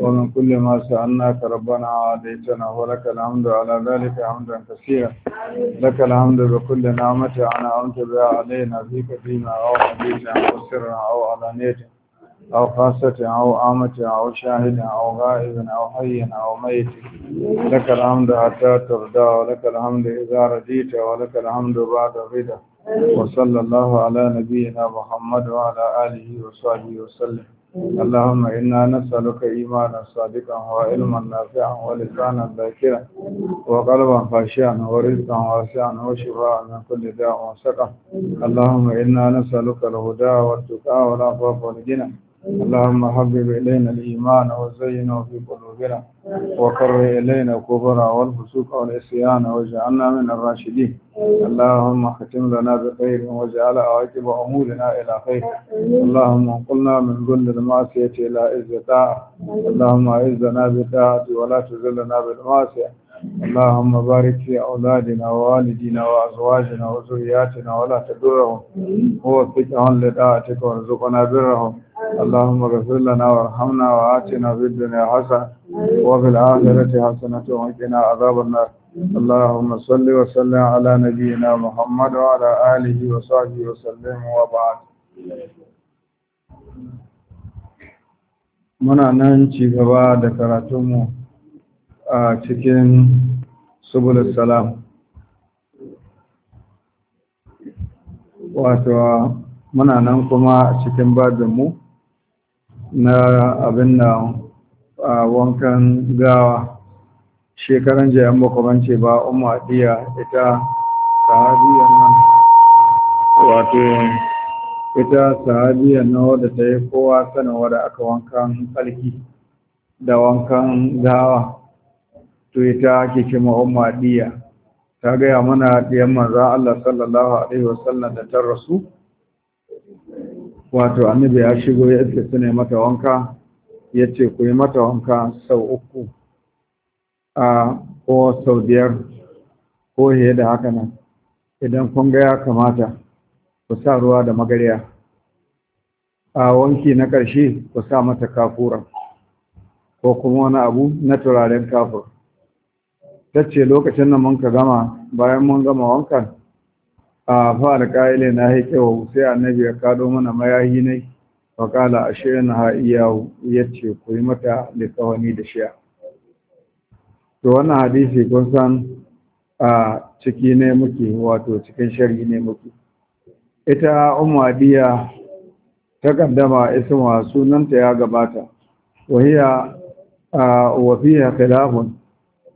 ومن كل ما سألناك ربنا عاديتنا ولك الحمد على ذلك حمدا كثيرا لك الحمد بكل نعمة أنا أنت بها علينا في قديمة أو حديثا أو سرا أو علانية أو خاصة أو عامة أو شاهدا أو غائب أو حيا أو ميت لك الحمد حتى ترضى ولك الحمد إذا رضيت ولك الحمد بعد غدا وصلى الله على نبينا محمد وعلى آله وصحبه وسلم اللهم إنا نسألك إيمانا صادقا وعلما نافعا ولسانا ذاكرا وقلبا خاشعا ورزقا واسعا وشفاء من كل داء وسقم اللهم إنا نسألك الهدى والتقى والعفاف والجنى اللهم حبب إلينا الإيمان وزينه في قلوبنا وكره إلينا الكفر والفسوق والعصيان واجعلنا من الراشدين اللهم اختم لنا بخير واجعل عواقب أمورنا إلى خير اللهم انقلنا من ذل المعصية إلى عز طاعة اللهم أعزنا بطاعة ولا تذلنا بالمعصية اللهم بارك في أولادنا ووالدنا وأزواجنا وزرياتنا ولا تدرهم ووفقهم لدعاتك ورزقنا برهم اللهم غفر لنا وارحمنا وآتنا في الدنيا حسنة وفي الآخرة حسنة وقنا عذاب النار اللهم صل وسلم على نبينا محمد وعلى آله وصحبه وسلم وبعد muna nan ci gaba da karatunmu a cikin subulus salam wato muna nan kuma cikin mu na abin da wankan gawa shekaran jayen makamance ba umar diya ita sahabiyar nan wato ita sahabiyar nan wadda ta yi kowa sanarwa da aka wankan alki da wankan gawa to ita ake kima umma ta gaya mana diyan manzan Allah sallallahu alaihi wasallam da ta rasu wato annabi ya shigo ya ce su mata wanka ya ce ku yi mata wanka sau uku a ko sau biyar ko fiye da haka nan idan kun ga ya kamata ku sa ruwa da magariya. a wanki na ƙarshe ku sa mata kafura ko kuma wani abu na turaren kafur ta ce lokacin nan mun ka gama bayan mun gama wankan a fara ƙa'ile na haikewa sai annabi ya kado mana mayahi ne faƙala a shirin ha iyawu ya ce ku yi mata likawani da shiya to wannan hadisi kun san a ciki ne muke wato cikin shari ne muke ita umadiya ta kaddama isma sunanta ya gabata wahiya a wafiya khilafun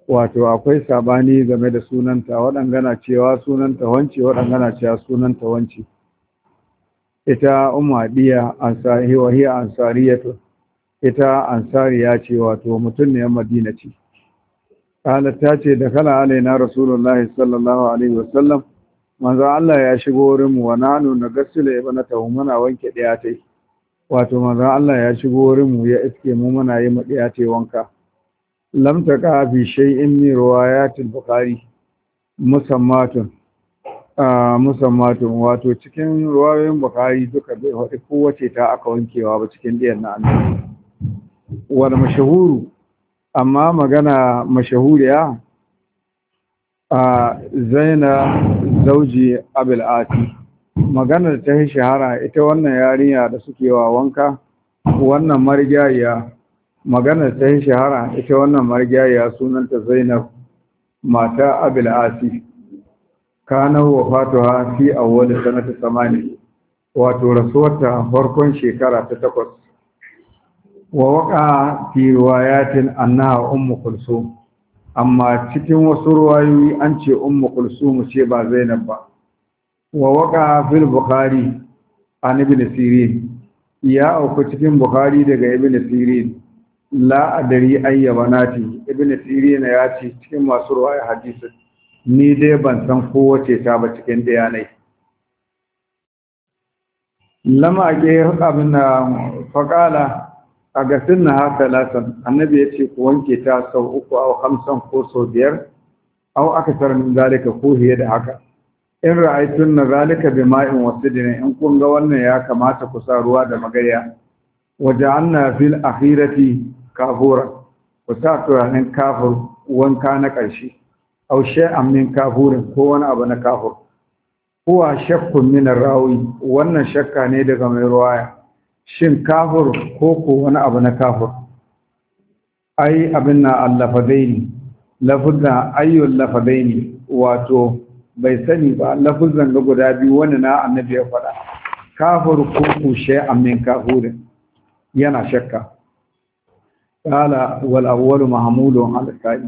wato akwai sabani game da sunanta waɗangana cewa sunanta wance waɗangana cewa sunanta wance ita umadiya ansari wa hiya ansariyatu ita ya ce wato mutum ne madina ce qalat ta ce da kala alaina rasulullah sallallahu alaihi wasallam manzo Allah ya shigo wurin mu wa nanu bana ibnatahu muna wanke daya tai wato manzo Allah ya shigo wurin mu ya iske mu muna yi mu daya tai wanka lam taqa fi shay'in min riwayat al-bukhari musammatun musammatun wato cikin ruwayoyin bukhari duka bai hadi kowace ta aka wankewa ba cikin diyan na annabi wal mashhuru amma magana mashahuriya a zaina zauji abul ati maganar ta yi shahara ita wannan yarinya da suke wa wanka wannan marigayiya maganar ta yi shahara ita wannan margiyayya sunanta zainab mata abil asi kanar wafatuwa fi awwal sanata samani wato rasuwarta farkon shekara ta takwas wa waka fi riwayatin annaha ummu kulsum amma cikin wasu ruwayoyi an ce ummu kulsum ce ba zainab ba wa waka fil bukhari an ibn sirin ya auku cikin bukhari daga ibn sirin La'adari, adari nati ibn sirina ya ce cikin masu ruwaya hadisi ni dai ban san kowace ta ba cikin dayanai lama ake abin da faƙala a gasin na haka lasan annabi ya ce ku wanke ta sau uku au hamsin ko sau biyar au aka min zalika ko fiye da haka in ra'aitun na zalika bi ma'in wasu dina in kun ga wannan ya kamata ku sa ruwa da magarya waje an na fil akhirati Kafura, ku sa turanin kafur wanka na ƙarshe au shay'an min kafurin ko wani abu na kafur huwa shakkun min rawi wannan shakka ne daga mai ruwaya shin kafur ko ko wani abu na kafur ai abin na allafadaini lafuzan ayyul lafadaini wato bai sani ba lafuzzan ga guda biyu wani na annabi ya faɗa kafur ko ko shay'an min kafurin yana shakka kala wal awwalu mahmulun ala kai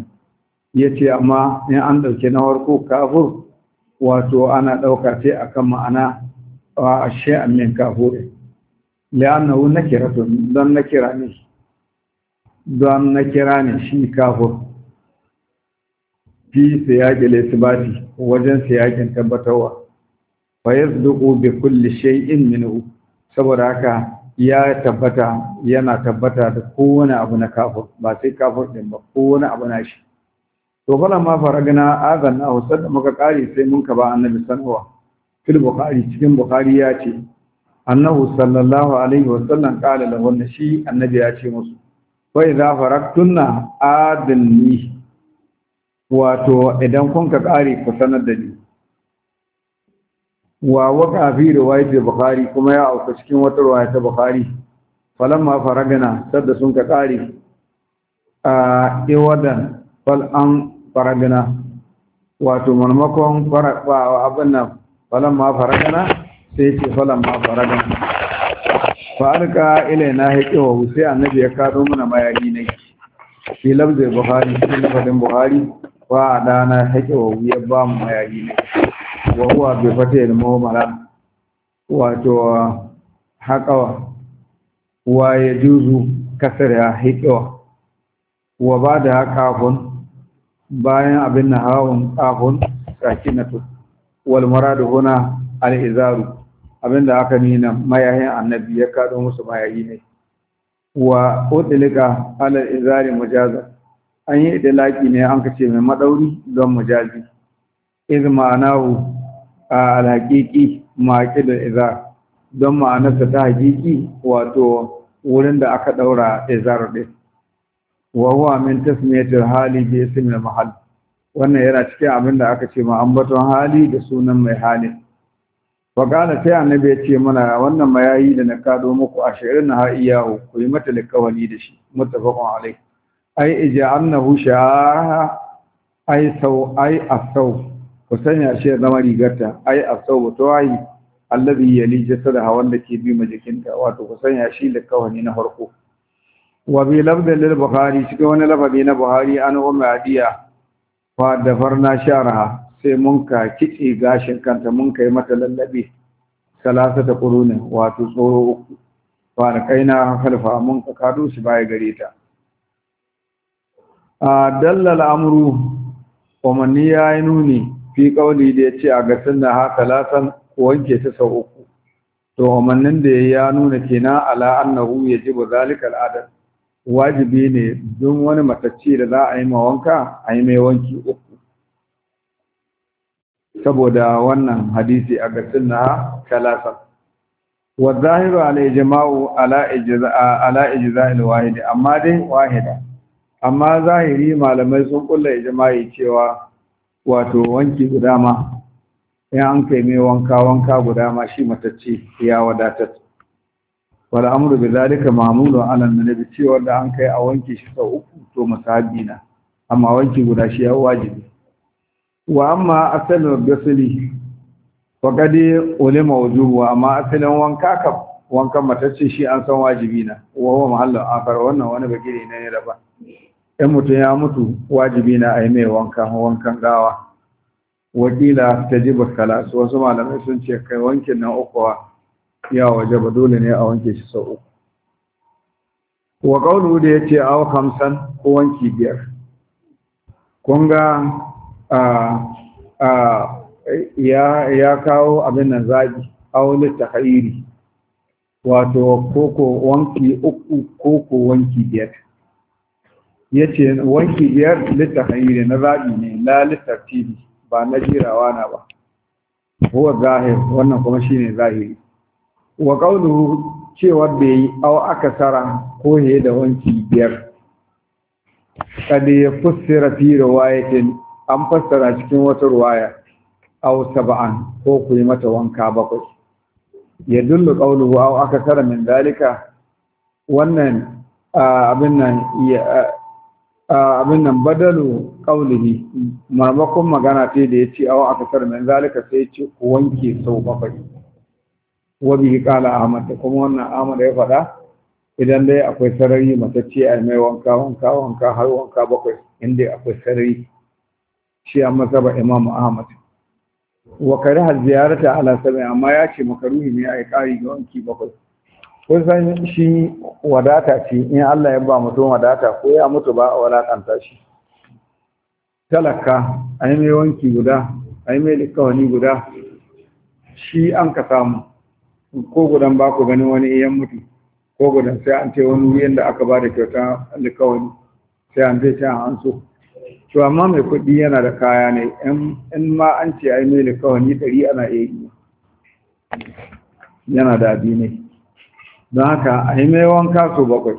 yace amma in an dauke na warko kafur wato ana dauka sai akan ma'ana wa shay'an min kafur li'annahu nakiratun dan nakira ne don nakira ne shi kafur fi siyaƙi laisibati wajen siyaƙin tabbatarwa fa yasduqu bi kulli shay'in minhu saboda haka ya tabbata yana tabbata da kowane abu na kafir ba sai kafir din ba kowane abu na shi to fala ma azan azanna hu sadda muka kare sai mun ka ba annabi sanowa fil bukhari cikin bukhari ya ce annahu sallallahu alaihi wa sallam qala lahu shi annabi ya ce musu wa idza faraktunna adni wato idan kun ka kare ku sanar da ni wa waka fi riwayat bukhari kuma ya auka cikin wata riwayat ta bukhari falamma faragana sadda sun ka kare a iwadan fal an faragana wato manmakon farawa abin nan falamma faragana sai ce falamma faragana farka ila na haƙe wa sai annabi ya kado mana mayayi ne shi lafzai buhari shi lafazin buhari wa dana haƙe wa ya ba mu mayayi ne wa huwa bi fatihil mu'mara wato haƙawa wa ya juzu kasar ya wa bada kafun, bayan abin na hawan kafun sakinatu wal muradu huna al izaru abinda aka nuna mayahin annabi ya kado musu mayayi ne wa udlika al izari mujaza an yi laki ne an kace mai madauri don mujazi iz ma'anahu a alhaƙiƙi maƙi da izar don ma'anarsa ta haƙiƙi wato wurin da aka ɗaura izar ɗin wa huwa min tasmiyatil hali bi ismil mahal wannan yana cikin abin da aka ce ma hali da sunan mai hali. wa qala sai annabi ya ce mana wannan mayayi da na kado muku ashirin na ha'iyahu ku yi mata likawani da shi muttafaqun alai ai ija'annahu sha'a ai sau ai asau ku sanya shi ya zama rigarta ai a sau tawayi allazi jasada ha wanda ke bi majikinta wato ku sanya shi da kawani na farko wa bi labdin lil bukhari wani lafazi na buhari an umma adiya fa da farna sharaha sai mun ka kitse gashin kanta mun kai mata lallabe salasata qurunin wato tsoro uku fa da kaina halfa mun ka kado shi baya gare ta a dallal amru ya yayi nuni fi kauli da ya ce a gasin na haka lasan wanke ta sau uku to umarnin da ya nuna kenan ala annahu yajibu zalikal adad wajibi ne don wani matacci da za a yi ma wanka a yi mai wanki uku saboda wannan hadisi a gasin na talasa wa zahiru ala ijma'u ala ijza ala ijza'il wahid amma dai wahida amma zahiri malamai sun kulla ijma'i cewa wato wanki guda ma in an kai mai wanka wanka guda ma shi matacce ya wadatar wala amru bi zalika ma'mulun ala annabi cewa da an kai a wanki shi sau uku to masabi na amma wanki guda shi ya wajibi wa amma asalin gasili wa kadi ulama wujubu amma asalin wanka ka wankan matacce shi an san wajibi na wa huwa mahallu akhar wannan wani bagire ne ne daban in mutum ya mutu wajibi na a yi mai wankan wankan gawa wakila ta ji bakala su wasu malamai sun ce kai wankin nan ukuwa ya waje ba dole ne a wanke shi sau uku wa kaunu da ya ce awa hamsan ko wanki biyar kun ya kawo abin nan zabi ta litahairi wato koko wanki uku koko wanki biyar Ya ce wanki biyar littafayire na zaɓi ne na la TV ba na jirawa na ba huwa zahir wannan kuma shi ne zahiri wa qawluhu cewa bai au akasara ko he da wanki biyar kada ya fassara fi riwayatin an fassara cikin wata ruwaya au saba'an ko ku yi mata wanka bakwai Ya ƙaunuhu au aka akasara min dalika. wannan abin nan Ah, abin nan badalu ne. mamakon magana ce da ya yace aw akasar min zalika sai ce ku wanke sau bakwai wa ya kala ahmad kuma wannan ahmad ya faɗa idan dai akwai sarari ce a mai wanka wanka wanka har wanka bakwai inda akwai sarari shi a mazhaba imam ahmad wa har ziyarata ala sami amma ya ce makaruhi ne yi kari ga wanki bakwai san shi wadata ce in Allah ya ba mutum wadata ko ya mutu ba a walakanta shi talaka a yi mai wanki guda a yi mai likawani guda shi an ka samu ko gudan ba ku ganin wani iyan mutu ko gudan sai an ce wani wuyan da aka ba da kyauta likawani sai an zai can an so to amma mai kuɗi yana da kaya ne in ma an ce a yi mai likawani ɗari ana iya yi yana da abi ne don haka a yi mai wanka su bakwai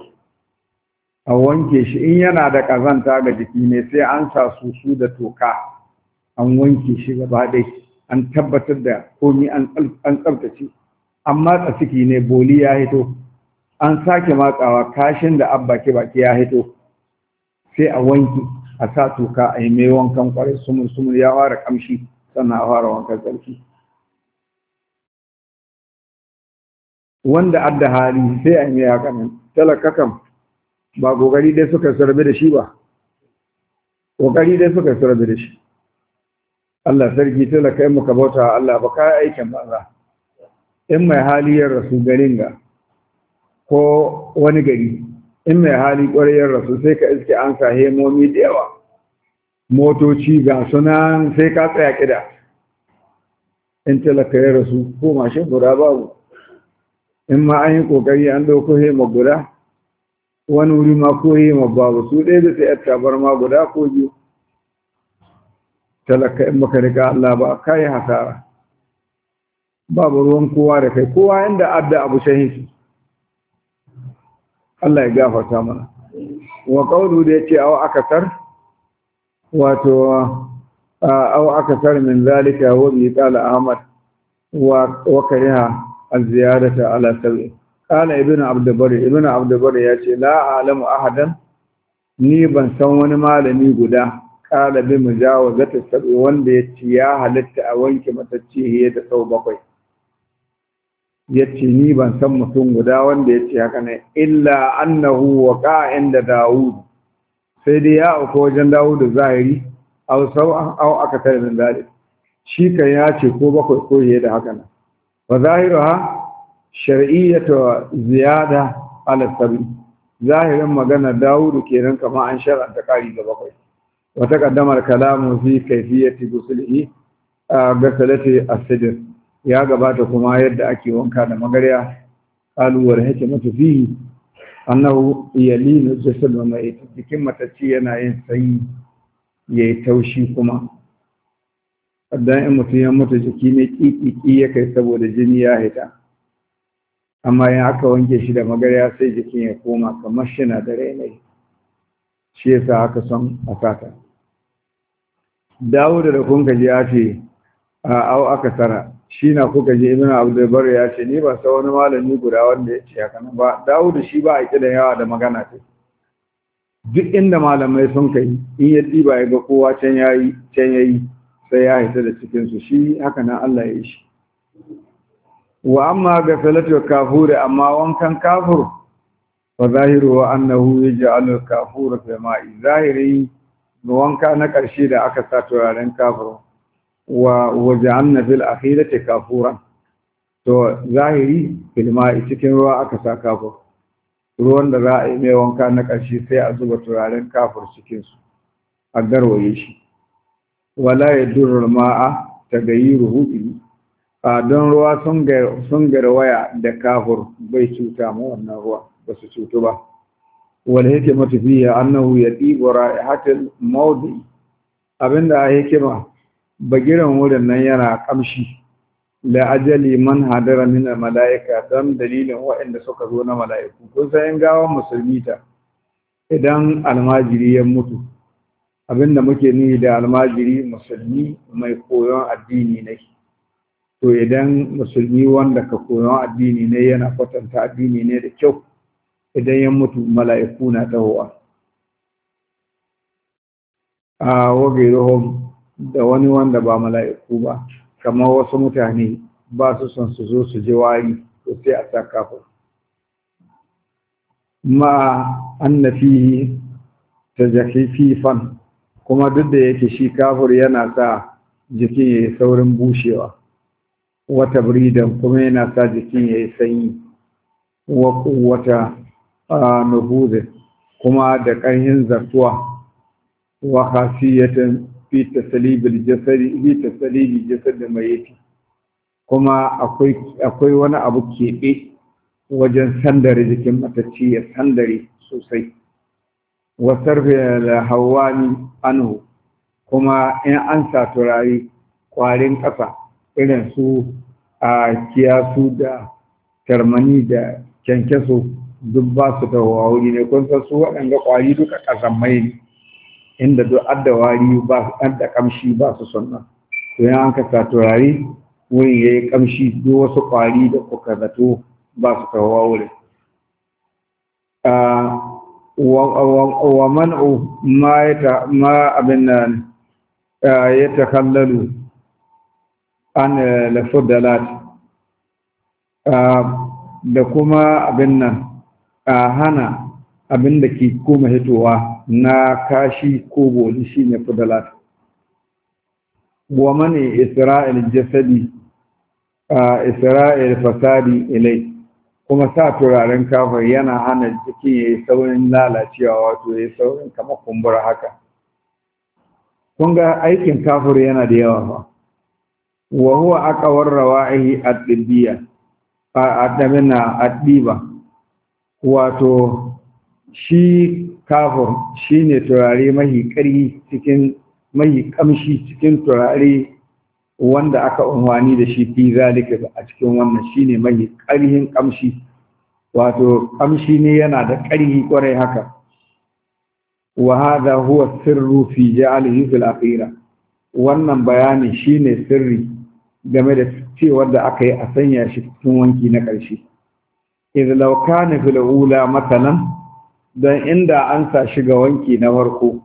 a wanke shi in yana da ƙazanta ga jiki ne sai an sa susu da toka an wanke shi gaba dai an tabbatar da komi an tsabtace an matsa ciki ne boli ya hito an sake matsawa kashin da abba ke baki ya hito sai a wanke a sa toka a yi mai wankan kwarai sumul sumul ya fara kamshi sannan a fara wankan tsarki wanda adda hali sai a yi haka nan talaka kam ba ƙoƙari dai suka sarbe da shi ba Ƙoƙari dai suka sarbe da shi Allah sarki talaka yi muka bauta Allah ba kai aikin banza in mai hali ya rasu garin ga ko wani gari in mai hali ƙwarayar rasu sai ka iske an sa hemomi da yawa motoci ga suna sai ka tsaya ƙida in talaka ya rasu ko mashin guda babu in ma an yi ƙoƙari an ɗauko hema guda wani wuri ma ko hema babu su ɗaya da tsaye ma guda ko biyu talaka in baka riga Allah ba ka yi hasara babu ruwan kowa da kai kowa inda adda abu shahihi Allah ya gafarta mana wa qawlu da yace aw akasar wato aw akasar min zalika wa bi qala ahmad wa wa kariha A ziyarata ala sab'i ibnu abd ibnu abd bari yace la a'lamu ahadan ni ban san wani malami guda qala bi mujawazati sab'i wanda yace ya halatta a wanke matacci ya da sau bakwai yace ni ban san mutum guda wanda yace haka ne illa annahu waqa inda daud sai dai ya auka wajen dawud zahiri aw sau aw aka tare min dalil shi kan ya ce ko bakwai ko yayi da haka wa zahiruha shar'iyyatu ziyada ala sabi zahirin maganar Dawudu kenan kamar an shar'anta kari da bakwai wa taqaddamar kalamu fi kayfiyati ghuslihi ghasalati as-sidr ya gabata kuma yadda ake wanka da magarya kaluwar hikimatu fihi annahu yalinu jasad wa ma'it jikin matacci yana yin sanyi yayi taushi kuma dan in mutum ya mutu jiki ne ƙiƙiƙi ya kai saboda jini ya haita amma in aka wanke shi da magarya sai jikin ya koma kamar shi na da rainai shi yasa aka son a sata dawo da kun gaji ya ce a au aka tsara shi na kuka ji ibn abdulbar ya ce ni ba sa wani malami guda wanda ya ce haka ba dawo da shi ba a kidan yawa da magana ce duk inda malamai sun kai in ya ɗiba ya ga kowa can yayi can yayi sai ya haita da cikinsu shi haka nan Allah ya yi shi wa amma ga salatul kafuri amma wankan kafur fa zahiru wa annahu yaj'alu kafura fi ma'i zahiri wanka na ƙarshe da aka sa turaren kafur wa waj'alna fil akhirati kafuran to zahiri fil ma'i cikin ruwa aka sa kafur ruwan da za a yi mai wanka na ƙarshe sai a zuba turaren kafur cikin su a garwaye shi wala ya durar ma'a ta gayi ruhuɗi a don ruwa sun waya da kafur bai cuta ma wannan ruwa ba su cutu ba wani yake matafiya annahu ya ɗibo ra'ihatul maudi abinda a hikima bagiran wurin nan yana kamshi la ajali man hadara min malaika don dalilin waɗanda suka zo na mala'iku kun san gawan musulmi ta idan almajiri ya mutu Abin da muke ni da almajiri musulmi mai koyon addini ne to idan musulmi wanda ka koyon addini ne yana kwatanta addini ne da kyau idan ya mutu mala'iku na dawowa a wagairuhum da wani wanda ba mala'iku ba kamar wasu mutane ba su son su zo su ji wari to sai a sa kafin ma annafi ta jaki fifan kuma duk da yake shi kafur yana sa jiki ya yi saurin bushewa wata bridan kuma yana sa jikin ya yi sanyi wata kuwata kuma da ƙarhin zartuwa wa khasiyatan fi tasalibil jasadi fi tasalibil kuma akwai akwai wani abu keɓe wajen sandare jikin matacci ya sandare sosai Wasarfe sarfe da hawani Anu, kuma in an sa turare kwarin ƙasa irin su a kiyasu da tarmani da kyankyaso duk ba su da wawuri ne kun san su waɗanda kwari duka ƙasan mai ne inda duk adda wari ba adda kamshi ba su sunna to in an ka sa turare wurin yi kamshi duk wasu kwari da kuka zato ba su da wurin wa man'u ma ya ma abin nan ya takallalu an eh, lafudalat da kuma abin nan hana abin da ke koma hitowa na kashi ko boli shi ne fudalat wa mani isra'il jasadi isra'il fasadi ilai kuma sa turaren kafar yana hana jikin ya yi saurin lalacewa wato ya yi saurin kama kumbura haka kun ga aikin kafur yana da yawa ba wa huwa aqawar rawa'ihi ad-dibiyya adamina ad wato shi kafur shine turare mahi kari cikin mahi kamshi cikin turare wanda aka unwani da shi fi zalika a cikin wannan shine mai ƙarhin ƙamshi wato ƙamshi ne yana da ƙarhi kwarai haka wa hadha huwa sirru fi ja'alihi fil akhirah wannan bayanin shine sirri game da cewar da aka yi a sanya shi cikin wanki na ƙarshe idh law kana fil ula matalan dan inda an sa shi ga wanki na farko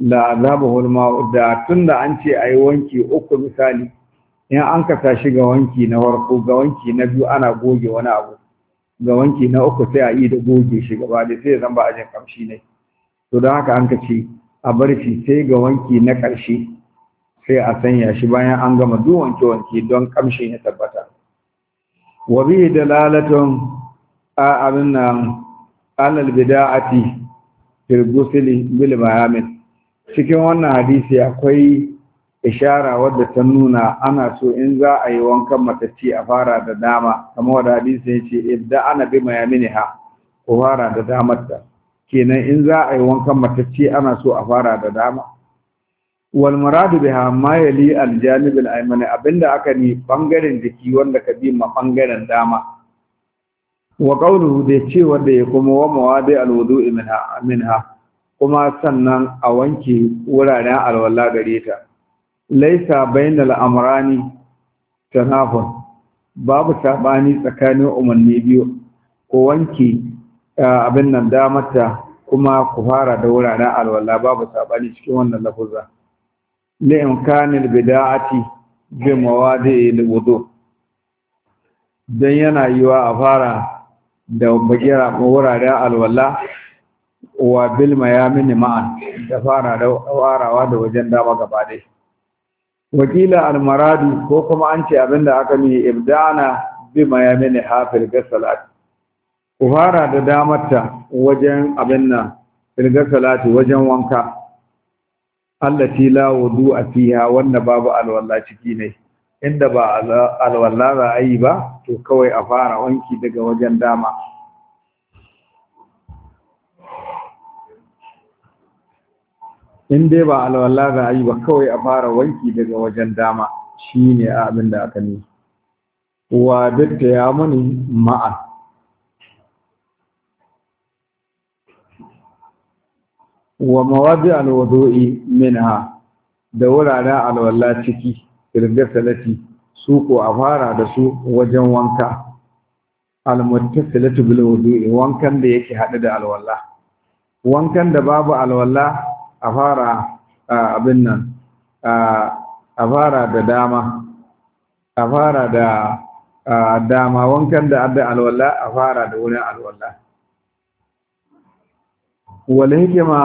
da azabahul ma'u da tunda an ce a yi wanki uku misali in an kasa shi ga wanki na farko ga wanki na biyu ana goge wani abu ga wanki na uku sai a yi da goge shi gaba da sai zan ba a jin kamshi ne to don haka an ka a bar shi sai ga wanki na ƙarshe sai a sanya shi bayan an gama duk wanke wanke don kamshin ya tabbata wa bi dalalatun a abin nan alal bida'ati fil ghusli bil mayamin cikin wannan hadisi akwai ishara wadda ta nuna ana so in za a yi wankan matacci a fara da dama kama wadda hadisi ya ce idda ana bi ha ko fara da damarta kenan in za a yi wankan matacci ana so a fara da dama wal muradu biha ma yali al janib al ayman abinda aka ni bangaren jiki wanda ka bi ma bangaren dama wa qawluhu da ce wanda ya kuma wa mawadi al wudu'i minha minha kuma sannan a wanke wuraren alwala gare ta laisa bainal amrani tanafun babu sabani tsakanin umarni biyu ko wanke abin nan damarta kuma ku fara da wuraren alwala babu sabani cikin wannan lafuza li imkanil bida'ati bi mawadi'il wudu dan yana yiwa a fara da bagira wuraren alwala wa ya mayamin ma'an da fara da warawa da wajen dama gaba dai wakila al maradu ko kuma an ce abinda aka mi ibdana bi mayamin hafil ga ku fara da damarta wajen abin nan filgar salati wajen wanka allati la wudu a fiha wanda babu alwala ciki ne inda ba alwala za a yi ba to kawai a fara wanki daga wajen dama in dai ba alwala za a yi ba kawai a fara wanki daga wajen dama shi ne abin da aka ne wa datta ya muni ma'a wa mawadi min minha da wuraren alwala ciki irgar salati su ko a fara da su wajen wanka almuttasilatu bil wudu'i wankan da yake hade da alwala wankan da babu alwala a fara abin nan a fara da dama a fara da dama wankan da adda alwala a fara da wurin alwala wal hikima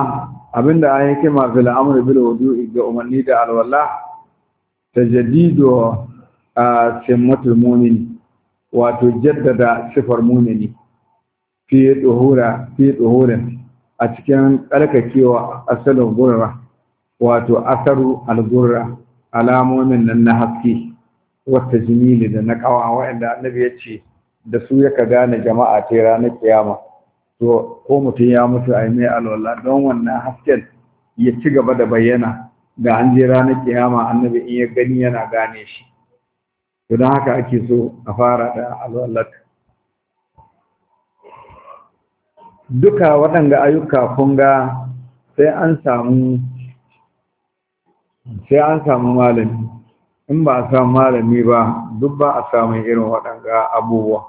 abinda an hikima fil amri bil wudu'i ga umarni da alwala tajaddidu simmatul mu'min wato jaddada sifar mu'mini fiye tsohura fiye tsohurin a cikin tsarkakewa asalin gurra wato asaru al-gurra alamomin nan na haske wata jimili da na kawa wa'anda annabi ya ce da su yaka gane jama'a ta ranar kiyama to ko mutum ya mutu a mai alwala don wannan hasken ya ci gaba da bayyana da an je ranar kiyama annabi in ya gani yana gane shi to don haka ake so a fara da alwalar duka waɗanda ayyuka kun sai an samu sai an samu malami in ba a samu malami ba duk ba a samun irin waɗanga abubuwa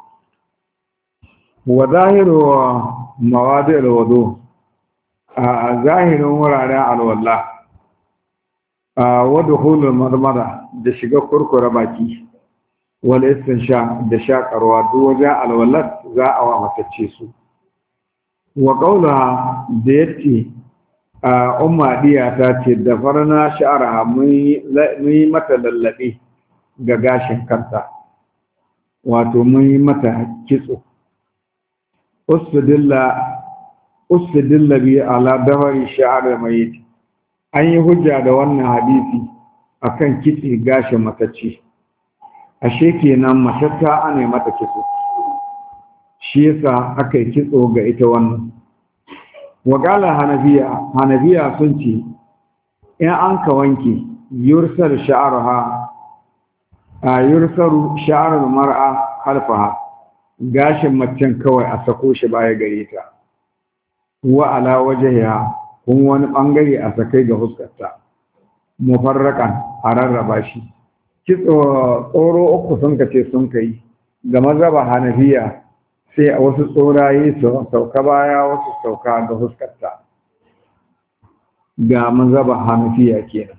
wa zahiru mawadi alwado a zahirin wuraren alwallah a wadda hulun marmara da shiga kurkura baki wal sha da shakarwa duk wajen alwalar za a wa matacce su wa ƙaula da ya ce a umma ta ce da farna sha'ara mun yi mata lallaɓe ga gashin kanta wato mun yi mata kitso Dilla bi ala dawari sha'ara mai an yi hujja da wannan hadisi a kan kitse gashin matacce ashe kenan matacce ana mata kitso shi yasa aka yi kitso ga ita wannan wakala hanabiya hanabiya sun ce in an ka wanke yursar sha'arha a yursar sha'arar mar'a alfaha gashin macen kawai a sako shi baya gare ta wa ala wajhiha kun wani bangare a sakai ga huskarta mufarraqan a rarraba shi kitso tsoro uku sun kace sun kai ga mazhaba hanafiya sai a wasu tsoraye sauka baya wasu sauka ga fuskarta ga mazaba hanafiya kenan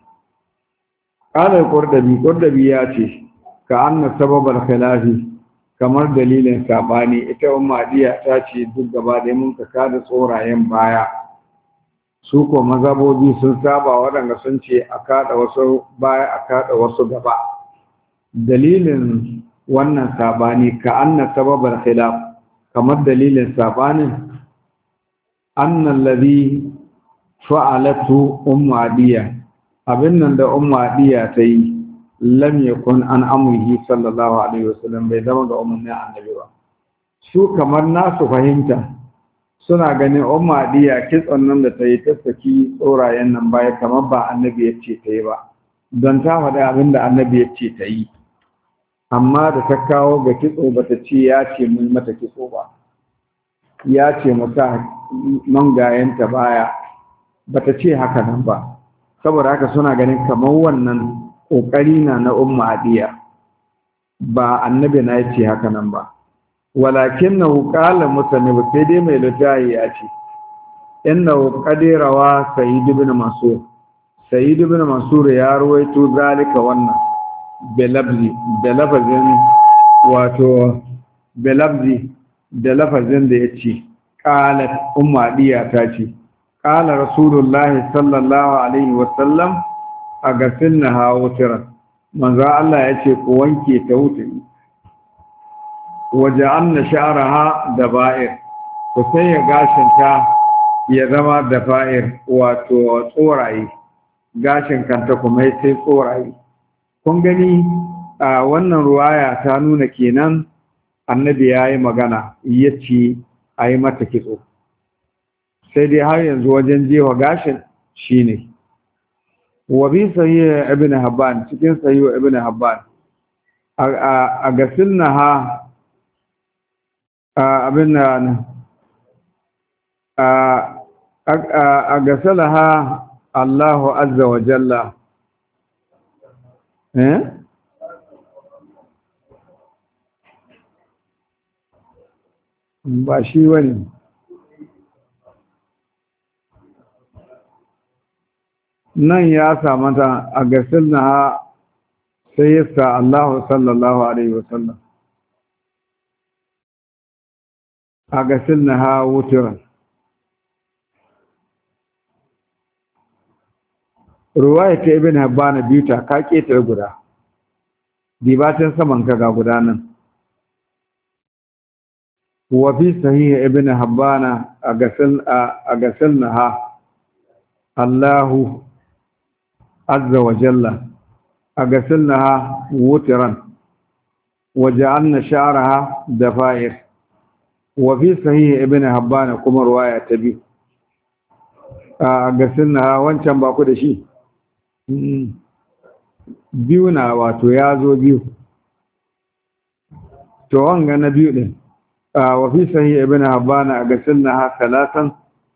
qala da qurdabi ya ce ka sababar sababal khilafi kamar dalilin sabani ita ma'adiya ta ce duk gaba da mun ka kada tsorayen baya su ko mazabobi sun saba waɗanda sun ce a kada wasu baya a kada wasu gaba dalilin wannan sabani ka anna sababal khilaf kamar dalilin sabanin annan ladhi fa'alatu ummu abin nan da ummu ta yi lamye kun an amrihi sallallahu alaihi wasallam bai zama ga umarnin annabi ba su kamar nasu fahimta suna ganin ummu kitson nan da ta yi ta saki tsorayen nan baya kamar ba annabi ya ce ta yi ba don ta faɗi abin da annabi ya ce ta yi amma da ta kawo ga kitso ba ta ce ya ce mun mata kitso ba ya ce mata mangayenta baya ba ta ce haka nan ba saboda haka suna ganin kamar wannan ƙoƙari na na umma adiya ba annabi na ya ce haka nan ba walakin na hukala ba sai dai mai littafi ya ce inna qadirawa sayyid ibn mansur sayyid ibn mansur ya ruwaito zalika wannan belabzi da lafazin wato belabzi da lafazin da ya ce ƙalat ummaɗiya ta ce ƙala rasulullahi sallallahu alaihi wasallam a gasin na wutar manzo Allah ya ce ku wanke ta wuta. waje an na sha'araha da ba'ir ku sanya gashinta ya zama da ba'ir wato tsoraye gashin kanta kuma sai tsoraye kun gani a wannan ruwaya ta nuna kenan annabi ya yi magana ya ce a yi mata kitso sai dai har yanzu wajen jewa gashin shi ne wabi sayi ibn habban cikin sayi ibn habban a gasil na ha abin na a ha Allahu azza wa jalla Eh? ba shi wani nan ya samata a gasar na ha sai yasta Allah sallallahu Alaihi wasallam a gasar na ha wuturan ruwaya ta ibn habban ta ka ketar guda dibatin saman ka ga guda nan wa fi sahih ibn habban a gasal na ha Allahu azza wa jalla a gasal naha wutran wa ja'alna sha'raha dafa'ir wa fi sahih ibn habban kuma ruwaya ta biyu a gasin na wancan ba ku da shi biyu na wato ya zo biyu to wanga na biyu din a wafi sahih ibn habban a gasin na ha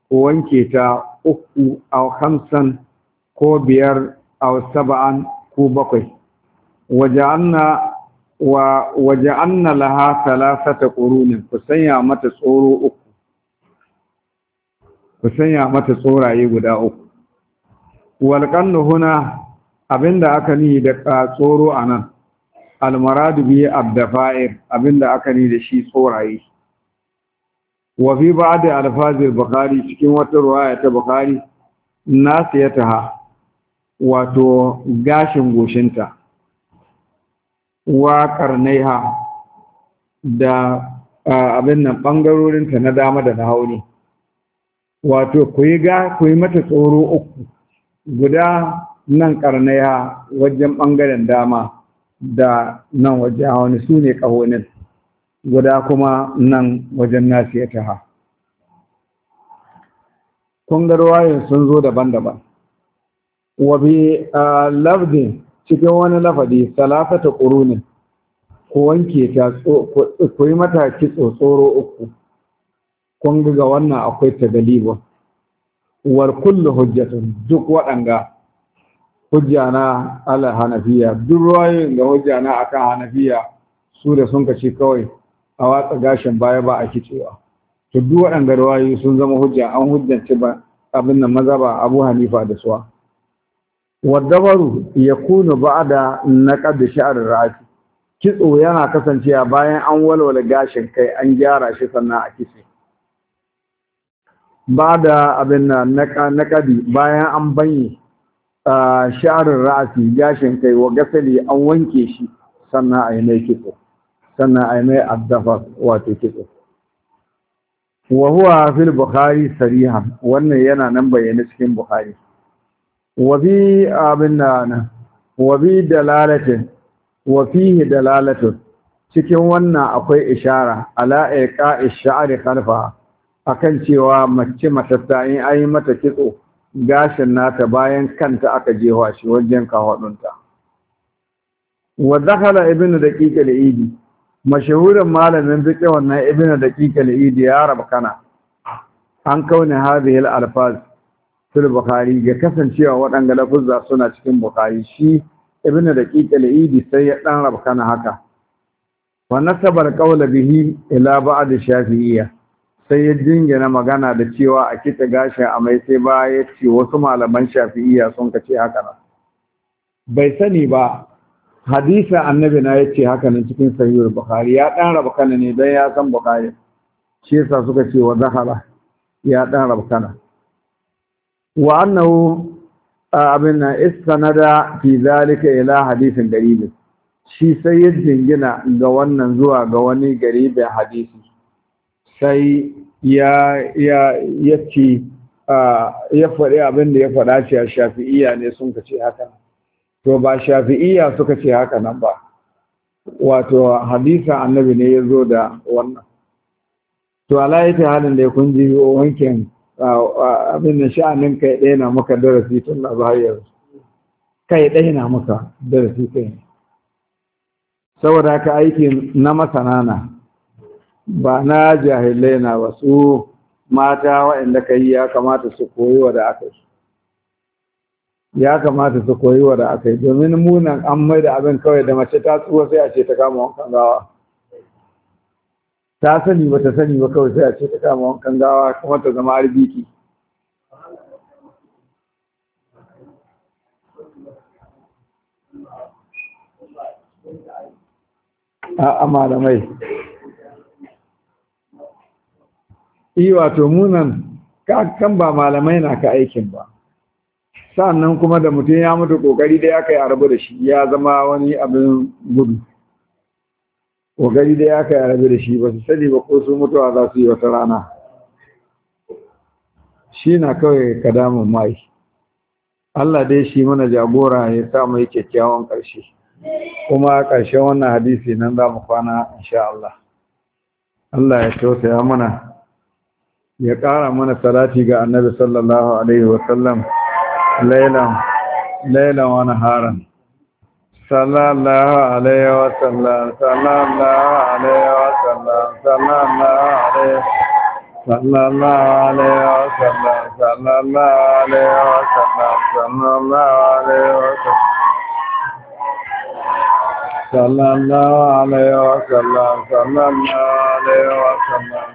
ko wanke ta uku aw hamsan ko biyar aw saba'an ko bakwai waja'anna wa waja'anna laha talatata qurunin ku sanya mata tsoro uku ku sanya mata tsoraye guda uku walƙannu huna abinda aka ni da tsoro a nan almaradu biye abdafa'ir abinda aka ni da shi tsoraye Wafi ba da alfazil bukhari cikin wata ruwaya ta bukhari taha wato gashin goshinta wa karnaiha da abin nan na dama da na hauni wato ku yi mata tsoro uku guda nan karnaya wajen ɓangaren dama da nan wajen wani su ne ƙahonin guda kuma nan wajen nasiya ta ha kungarwayin sun zo daban-daban Wabi a lafdi cikin wani lafadi salafata ne. ku wanke ta ku yi mata kitso tsoro uku kun ga wannan akwai ta dalibon. war kullu hujjatun duk waɗanga hujja na ala hanafiya duk ruwayoyin da hujja na akan hanafiya su da sun kace kawai a watsa gashin baya ba a kicewa to duk waɗanga ruwayoyi sun zama hujja an hujjance ba abin nan maza ba abu hanifa da suwa wadabaru ya kunu ba'da naqad sha'r rafi. kitso yana kasancewa bayan an walwala gashin kai an gyara shi sannan a kitse ba da abin na naƙadi bayan an banye sha'arar ra'asi gashin kai wa gasali an wanke shi sannan a yi mai kitso sannan a yi mai addafa wato kitso wa huwa fil bukhari Sariha wannan yana nan bayyana cikin bukhari wa bi abin na wa bi dalalatin wa fihi dalalatin cikin wannan akwai ishara ala iqa'i sha'ri khalfa akan cewa mace matatta in an yi mata kitso gashin nata bayan kanta aka jewa shi wajen kawadunta wa dakhala ibn daqiq al-idi mashhurin malamin fiqh wannan ibn daqiq al-idi ya kana an kauna hadhihi al-alfaz fil bukhari ga kasancewa waɗanga lafuzza suna cikin bukhari shi ibn daqiq al-idi sai ya dan kana haka wa nasaba al bihi ila ba'd shafi'iyya sai ya jingina magana da cewa a kitse gashin amai sai ba ya ce wasu malaman shafi'iyya sun ka ce haka nan bai sani ba hadisin annabi na ya ce haka nan cikin sahihul bukhari ya dan raba kana ne dan ya san bukhari shi yasa suka ce wa zahara ya dan raba kana wa annahu abin na istanada fi zalika ila hadisin garibin shi sai ya jingina ga wannan zuwa ga wani garibin hadisi sai ya ya yace ya faɗi abin da ya faɗa ce a shafi'iyya ne sun ka ce haka to ba shafi'iyya suka ce haka nan ba wato hadisa annabi ne ya zo da wannan to ala ya ta halin da ya kunji wankin abin da sha'anin kai ɗaya na maka darasi tun labari yanzu kai ɗaya na maka darasi kai saboda haka aiki na masana na ba na jahilai na ba su mata waɗanda ka yi ya kamata su koyi wa da aka yi ya kamata su koyi wa da aka yi domin munan an mai da abin kawai da mace ta tsuwa sai a ce ta kama wankan gawa ta sani ba ta sani ba kawai sai a ce ta kama wankan gawa kuma ta zama arbiki a'a malamai yi eh, wato munan kan ba malamai na ka aikin ba sa'annan kuma da mutum ya mutu kokari da ya kai arabu da shi ya zama wani abin gudu kokari da ya kai arabu da shi ba su sani ba ko su mutuwa za su yi wata rana shi na kawai ka damun mai Allah dai shi mana jagora ya sa mai kyakkyawan ƙarshe kuma ƙarshen wannan hadisi nan za mu kwana insha Allah Allah ya tausaya mana ya ƙara mana salati ga annabi sallallahu alaihi wasallam lailan lailan wani haran sallallahu alaihi wasallam sallallahu alaihi wasallam sallallahu alaihi sallallahu alaihi wasallam sallallahu alaihi wasallam sallallahu alaihi wasallam sallallahu alaihi wasallam sallallahu alaihi wasallam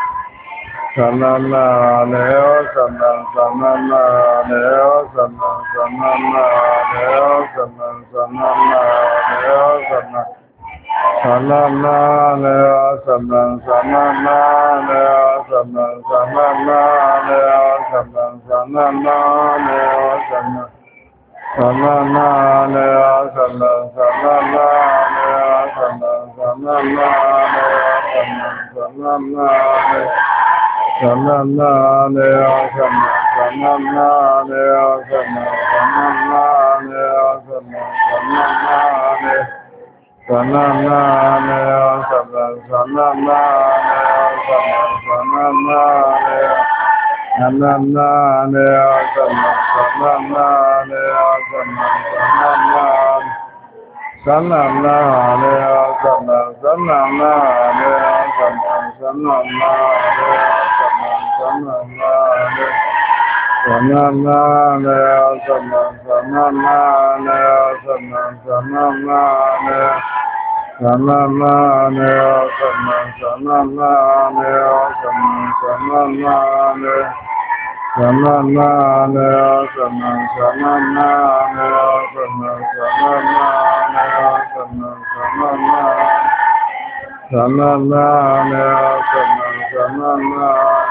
သမ္မာနာနေယောသမ္မာသမ္မာနာနေယောသမ္မာသမ္မာနာနေယောသမ္မာသမ္မာနာနေယောသမ္မာသမ္မာနာနေယောသမ္မာသမ္မာနာနေယောသမ္မာသမ္မာနာနေယောသမ္မာသမ္မာနာနေယောသမ္မာသမ္မာနာနေယောသမ္မာသမ္မာနာနေယောသမ္မာသမ္မာနာနေယောသမ္မာသမ္မာနာနေယော Sannan na ne na a a sannan, a na ne a a a sannan, na ne na ne a sama ma ne a sama sama ma a sama sama ma ne a a sama sama ma ne a a sama sama ma ne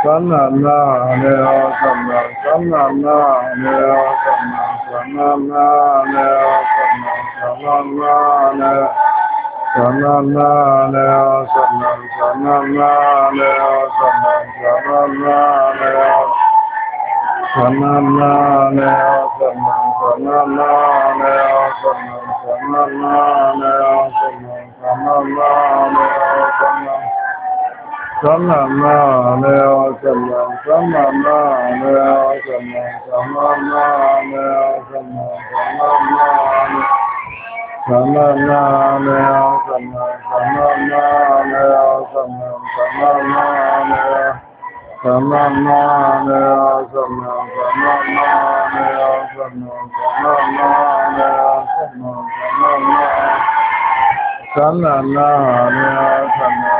Sannan သမ္မာမနယောသမ္မာသမ္မာမနယောသမ္မာသမ္မာမနယောသမ္မာသမ္မာမနယောသမ္မာနာမယောသမ္မာသမ္မာနာမယောသမ္မာသမ္မာနာမယောသမ္မာနာမယောသမ္မာသမ္မာနာမယောသမ္မာသမ္မာနာမယောသမ္မာသမ္မာနာသမ္မာနာမယောသမ္မာ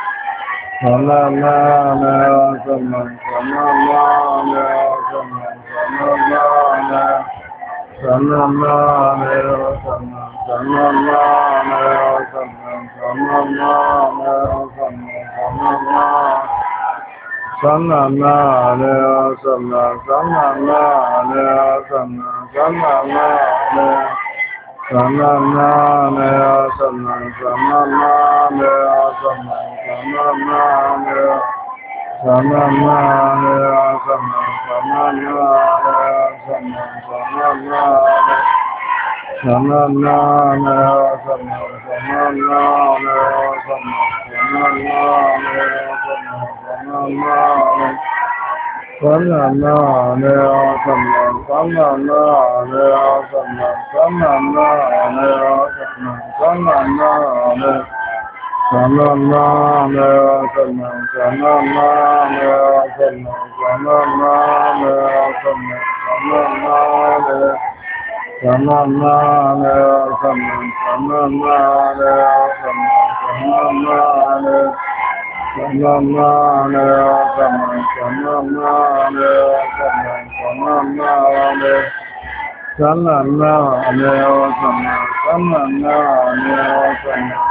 သမ္မာနာနာသမ္မာသမ္မာနာနာသမ္မာသမ္မာနာသမ္မာနာနာသမ္မာသမ္မာနာနာသမ္မာသမ္မာနာနာသမ္မာသမ္မာနာသမ္မာနာနာသမ္မာသမ္မာနာနာသမ္မာသမ္မာနာနာသမ္မာနာနာသမ္မာသမ္မာနာနာသမ္မာ Sanana, သမ္မာနာမေသမ္မာသမ္မာနာမေသမ္မာသမ္မာနာမေသမ္မာသမ္မာနာမေသမ္မာနာမေသမ္မာသမ္မာနာမေသမ္မာသမ္မာနာမေသမ္မာနာမေသမ္မာသမ္မာနာမေသမ္မာသမ္မာနာမေသမ္မာနာမေသမ္မာသမ္မာနာမေသမ္မာ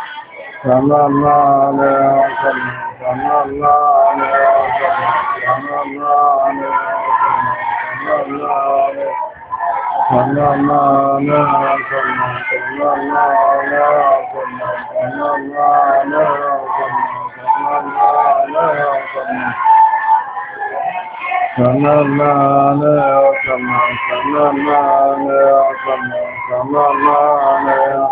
a a Sallallahu aleyhi ve sellem.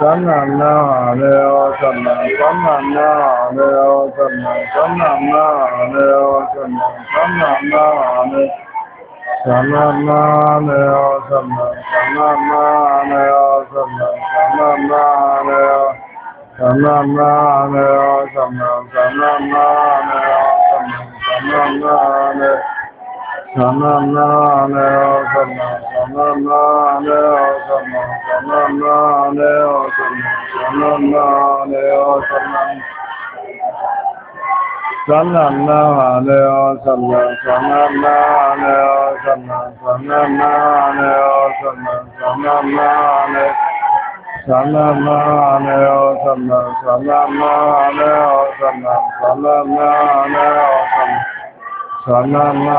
သမ္မာနာရေယောသမ္မာသမ္မာနာရေယောသမ္မာသမ္မာနာရေယောသမ္မာသမ္မာနာရေသမ္မာနာရေယောသမ္မာသမ္မာနာရေယောသမ္မာသမ္မာနာရေယောသမ္မာနာရေယောသမ္မာသမ္မာနာရေယောသမ္မာသမ္မာနာရေယောသမ္မာနာမေယောသမ္မာသမ္မာမေယောသမ္မာသမ္မာမေယောသမ္မာသမ္မာမေယောသမ္မာသမ္မာနာမေယောသမ္မာသမ္မာမေယောသမ္မာသမ္မာမေယောသမ္မာသမ္မာမေသမ္မာနာမေယောသမ္မာသမ္မာမေယောသမ္မာသမ္မာမေယောသမ္မာ Sanana,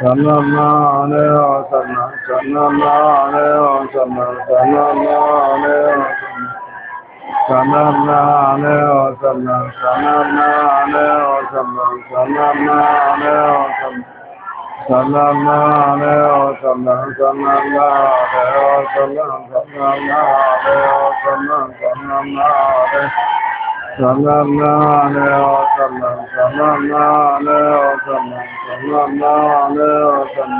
သမ္မာမာနေယသမ္မာသမ္မာမာနေယသမ္မာသမ္မာမာနေယသမ္မာမာနေယသမ္မာသမ္မာမာနေယသမ္မာသမ္မာမာနေယသမ္မာသမ္မာမာနေယသမ္မာသမ္မာမာနေယသမ္မာသမ္မာမာနေယသမ္မာသမ္မာမာနေယသမ္မာနာလေဩသမ္မာသမ္မာနာလေဩသမ္မာသမ္မာနာလေဩသမ္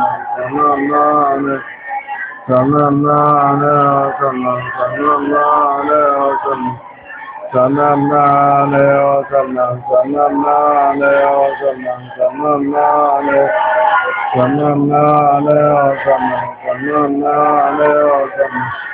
မာသမ္မာနာလေသမ္မာနာလေဩသမ္မာသမ္မာနာလေဩသမ္မာသမ္မာနာလေဩသမ္မာသမ္မာနာလေဩသမ္မာသမ္မာနာလေသမ္မာနာလေဩသမ္မာသမ္မာနာလေဩသမ္မာ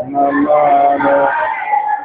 Allah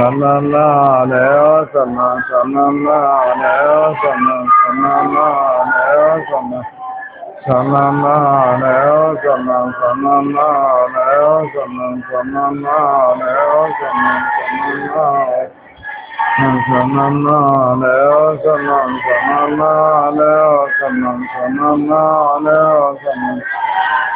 သမ္မာနာနေယောသမ္မာသမ္မာနာနေယောသမ္မာသမ္မာနာနေယောသမ္မာသမ္မာနာနေယောသမ္မာသမ္မာနာနေယောသမ္မာသမ္မာနာနေယောသမ္မာသမ္မာနာသမ္မာနာနေယောသမ္မာသမ္မာနာနေယောသမ္မာသမ္မာနာနေယောသမ္မာ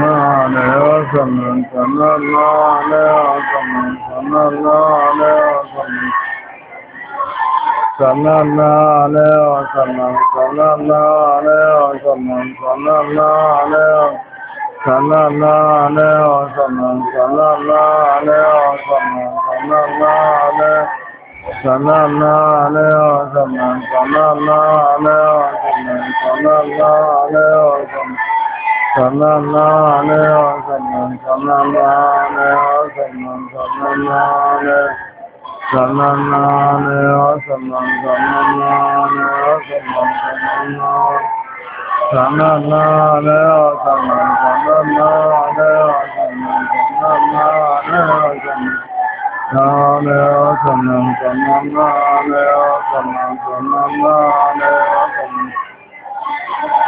မနောသမံသမနောနောသမံသမနောနောသမံသမနောနောသမံသမနောနောသမံသမနောနောသမနောနောသမံသမနောနောသမံသမနောနောသမနောနောသမံသမနောနောသမံသမနောနောသမံသမ္မာနာနေယသမ္မာသမ္မာနာနေယသမ္မာသမ္မာနာနေသမ္မာနာနေယသမ္မာသမ္မာနာနေသမ္မာသမ္မာနာသမ္မာနာနေယသမ္မာသမ္မာနာနေသမ္မာသမ္မာနာနေသမ္မာသမ္မာနာနေသမ္မာသမ္မာနာနေသမ္မာသမ္မာနာနေသမ္မာ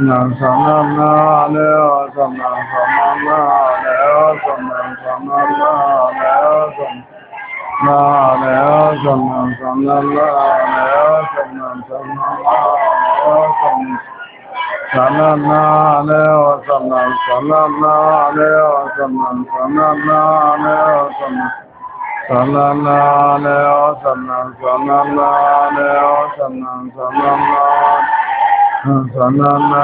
နာသမနာလေသမသမနာလေသမသမနာလေသမနာလေသမသမနာလေသမသမနာလေသမသမနာလေသမသမနာလေသမသမနာလေသမသမနာလေသမသမနာလေသမသမနာ Sanam sanam sanam sanam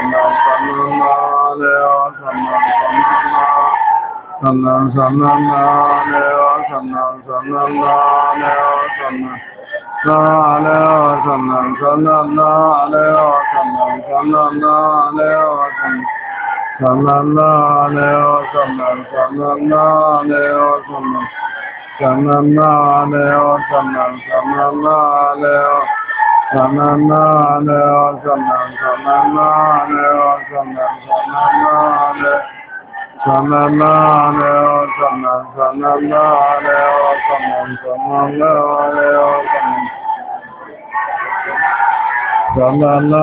sanam sanam sanam sanam sanam သမ္မာနာနေယောသမ္မာသမ္မာနာနေယောသမ္မာသမ္မာနာနေယောသမ္မာသမ္မာနာနေယောသမ္မာနာနေယောသမ္မာသမ္မာနာနေယောသမ္မာသမ္မာနာနေသမ္မာနာနေယောသမ္မာသမ္မာနာနေယောသမ္မာသမ္မာနာနေယောသမ္မာ Sanana,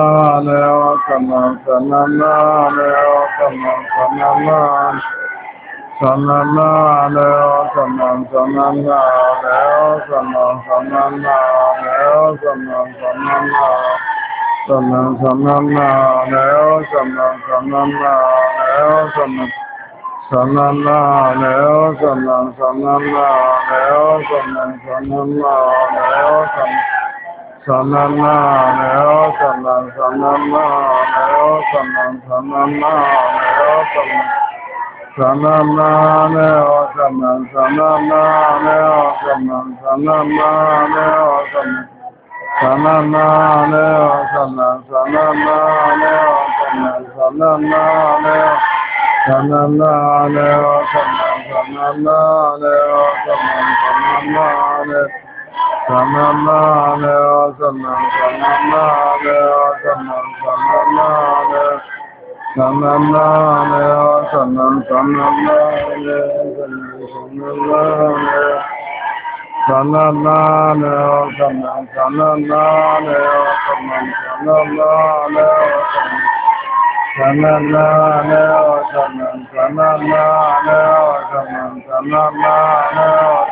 Sananane, Sananane, Sananane, Sananane, Sananane, Sananane, Sananane, Sananane, Sananane, Sananane, သမ္မာမောသမ္မာသမ္မာမောသမ္မာသမ္မာမောသမ္မာမောသမ္မာသမ္မာမောသမ္မာမောသမ္မာသမ္မာမောသမ္မာသမ္မာမောသမ္မာသမ္မာမောသမ္မာသမ္မာမောသမ္မာသမ္မာမောသမ္မာသမ္မာမော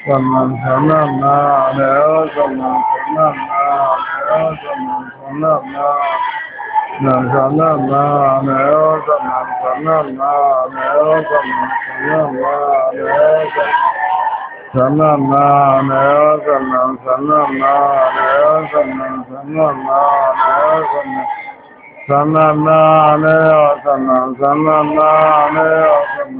zaman zaman na ala zaman zaman na ala zaman zaman na zaman zaman na ala zaman zaman na ala zaman zaman na ala zaman zaman na ala zaman zaman na ala zaman zaman na ala zaman zaman na ala zaman zaman na ala zaman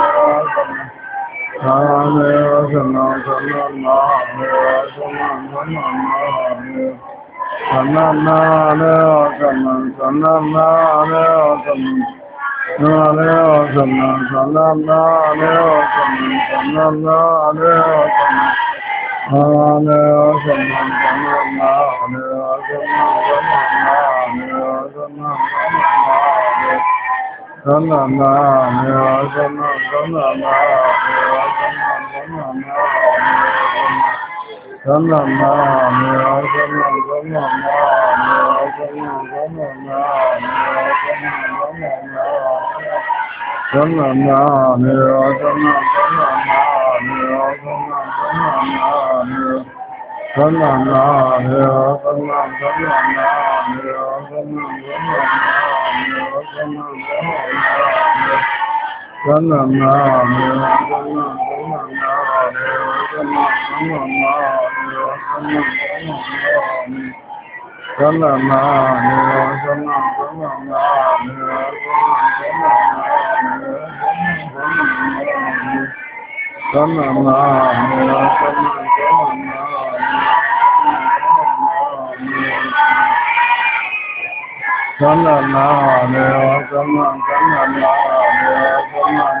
Sanana, သမ္မာမောသမ္မာသမ္မာမောသမ္မာသမ္မာမောသမ္မာမောသမ္မာသမ္မာမောသမ္မာသမ္မာမောသမ္မာသမ္မာမောသမ္မာသမ္မာမောသမ္မာသမ္မာမောသမ္မာသမ္မာမောသမ္မာသမ္မာမောသမ္မာသမ္မာမောသမ္မာသမ္မာမောသမ္မာနာမေသမ္မာသမ္မာနာမေသမ္မာ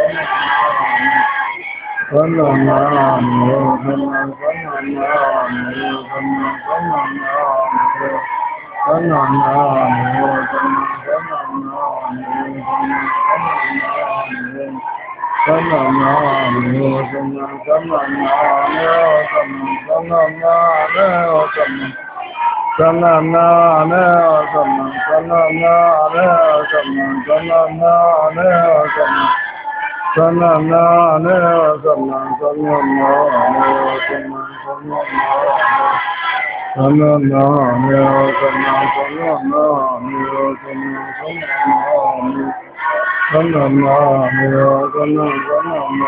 သမ္မာနာမေသမ္မာသမ္မာနာမေသမ္မာသမ္မာနာမေသမ္မာနာမေသမ္မာသမ္မာနာမေသမ္မာနာမေသမ္မာသမ္မာနာမေသမ္မာနာမေသမ္မာနာမေသမ္မာသမ္မာနာမေသမ္မာနာမေသမ္မာသမ္မာနာမေသမ္မာသမ္မာနာမေသမ္မာနာနေသမ္မာသမ္မာနာနေသမ္မာသမ္မာနာသမ္မာနာနေသမ္မာသမ္မာနာနေသမ္မာသမ္မာနာသမ္မာနာနေသမ္မာသမ္မာနာနေသမ္မာသမ္မာနာ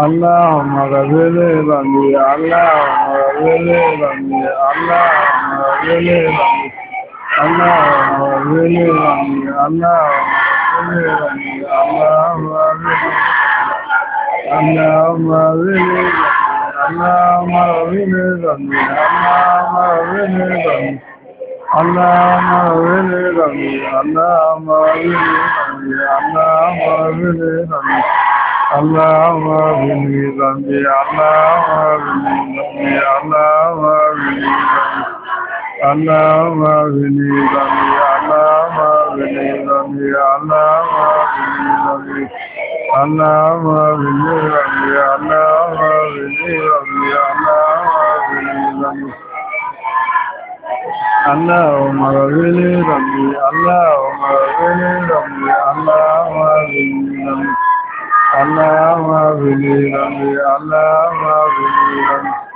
အလ္လာဟ်မဂဇေလေဗံဒီအလ္လာဟ်မဂဇေလေဗံဒီအလ္လာဟ်မဂဇေလေဗံဒီ Allah ni Allah ni Allah ni Allah ni اللهم اغني ذنبي اللهم اغني ذنبي اللهم اغني ذنبي اللهم اغني ذنبي اللهم اغني ذنبي اللهم اغني ذنبي اللهم اغني ذنبي اللهم اغني ذنبي اللهم اغني ذنبي اللهم اغني ذنبي اللهم اغني ذنبي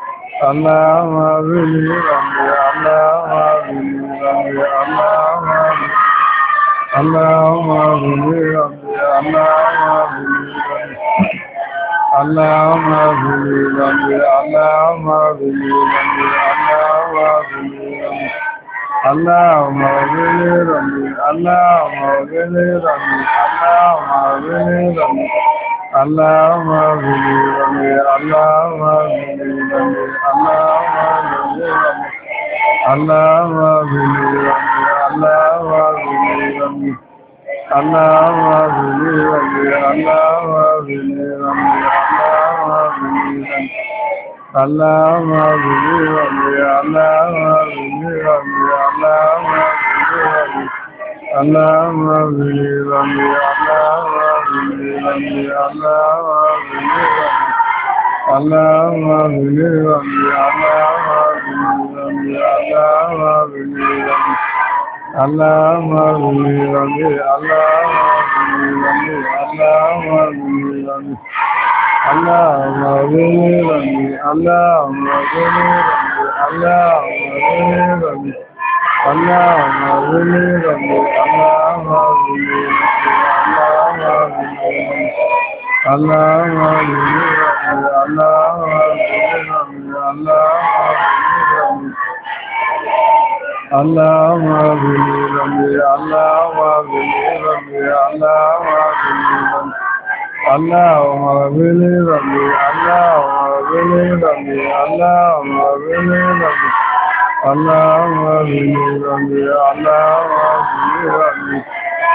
Alama rabbi rabbi Allahumma rabbi rabbi Allahumma rabbi rabbi alama rabbi rabbi Allahumma rabbi rabbi Allahumma rabbi rabbi اللهم اغفر ذنبي اللهم اغفر ذنبي اللهم اغفر ذنبي اللهم اغفر ذنبي اللهم اغفر ذنبي اللهم اغفر ذنبي اللهم اغفر ذنبي اللهم اغفر ذنبي اللهم اغفر ذنبي اللهم اغفر ذنبي اللهم اغفر ذنبي اللهم اغفر لي اللهم اغفر لي اللهم اغفر لي اللهم اغفر لي اللهم اغفر لي اللهم اغفر لي اللهم اغفر لي اللهم اغفر لي اللهم اغفر لي اللهم اغفر لي اللهم اغفر لي اللهم اغفر لي اللهم اغفر لي اللهم اغفر لي اللهم اغفر لي اللهم اغفر لي اللهم اغفر لي اللهم اغفر لي اللهم اغفر لي الله أغني ربي الله أغني ربي الله أغني ربي اللهم اغفر لي ربي اللهم اغفر لي ربي اللهم اغفر لي ربي اللهم اغفر لي ربي اللهم اغفر لي ربي